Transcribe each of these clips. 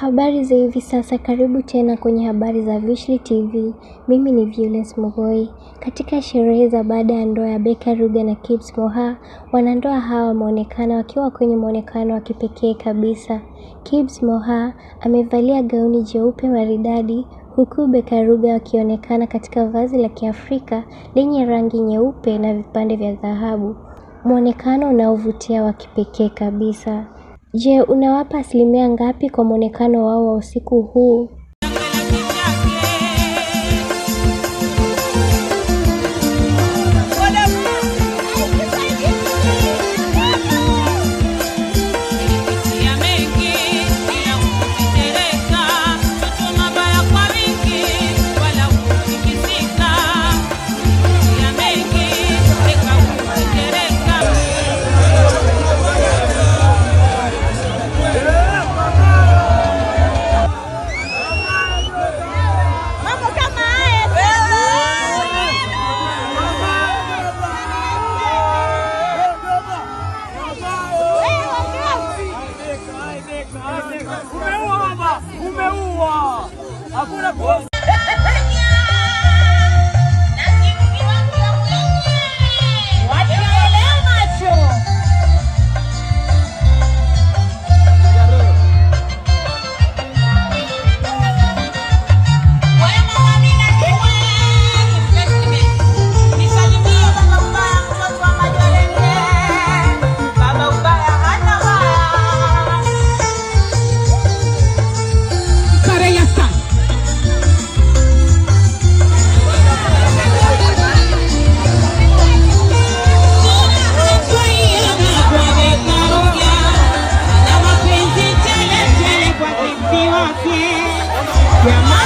Habari za hivi sasa karibu tena kwenye habari za Veushly TV. Mimi ni Violence Mugoi. Katika sherehe za baada ya ndoa ya Beka Ruga na Kibz Moha, wanandoa hawa wameonekana wakiwa kwenye muonekano wa kipekee kabisa. Kibz Moha amevalia gauni jeupe maridadi huku Beka Ruga wakionekana katika vazi la Kiafrika lenye rangi nyeupe na vipande vya dhahabu. Muonekano unaovutia wa kipekee kabisa. Je, unawapa asilimia ngapi kwa mwonekano wao wa usiku huu? O meu ama, o meu uó. Agora você. É Yeah,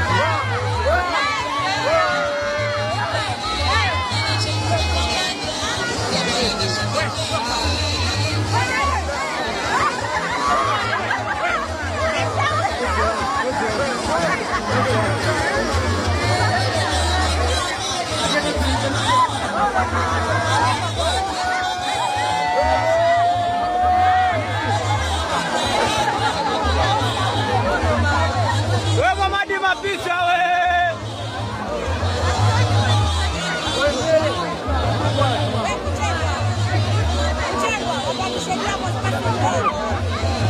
Yeah. Happy